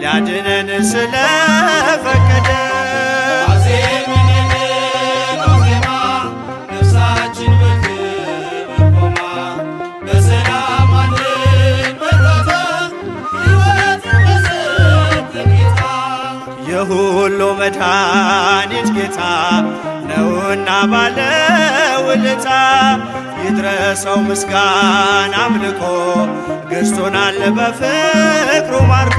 ሊያድነን ስለፈቀደ የሁሉ መድኃኒት ጌታ ነውና ባለ ውለታ ይድረሰው ምስጋና አምልኮ ገዝቶናል በፍቅሩ ማርኮ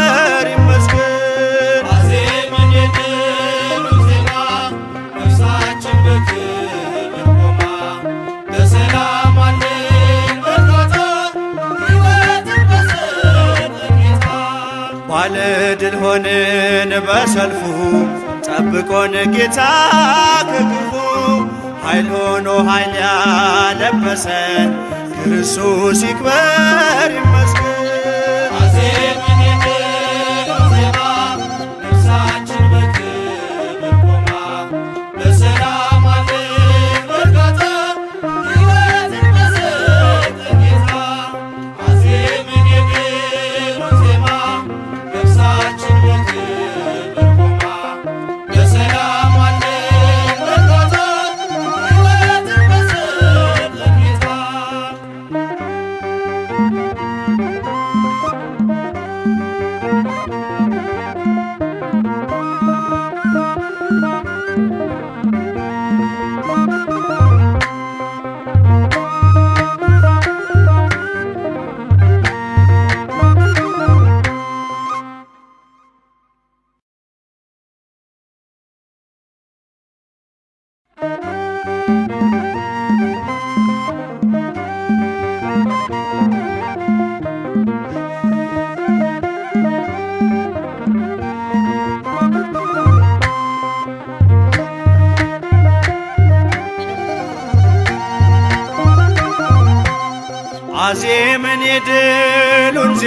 ባለ ድል ሆንን በሰልፉ ጠብቆን ጌታ ከክፉ ኃይል ሆኖ ኃይል ያለበሰን ክርስቶስ ይክበር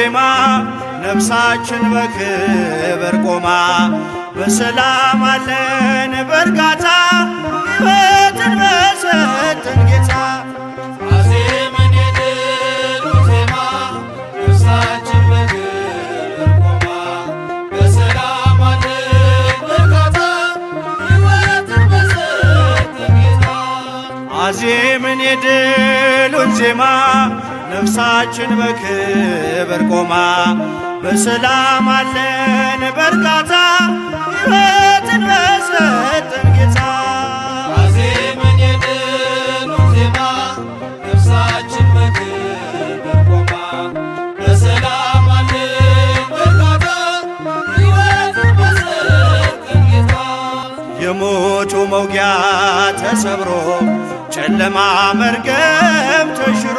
ዜማ ነፍሳችን በክብር ቆማ በሰላም አለን በርጋታ ሕይወትን በሰጠን ጌታ አዜምን የድሉን ዜማ ነፍሳችን በክብር ቆማ በሰላም አለን በርካታ ሕይወትን በሰጠን ጌታ የድኑ ዜማ ነፍሳችን በክብር ቆማ በሰላም አለን በርካታ ጌታ የሞቱ መውጊያ ተሰብሮ ጨለማ መርገም ተሽሮ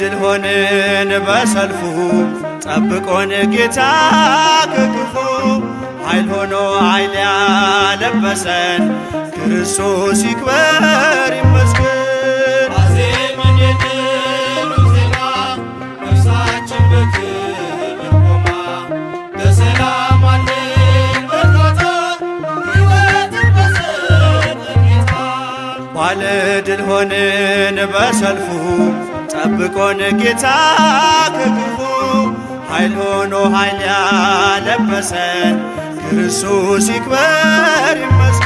ድል ሆንን በሰልፉ ጠብቆን ጌታ ከክፉ ኃይል ሆኖ ኃይል ያለበሰን ክርስቶስ ይክበር ይመስገን። ባለ ድል ሆንን በሰልፉ ጠብቆን ጌታ ከክፉ ኃይል ሆኖ ኃይል ያለበሰን ክርስቶስ ይክበር ይመስገን።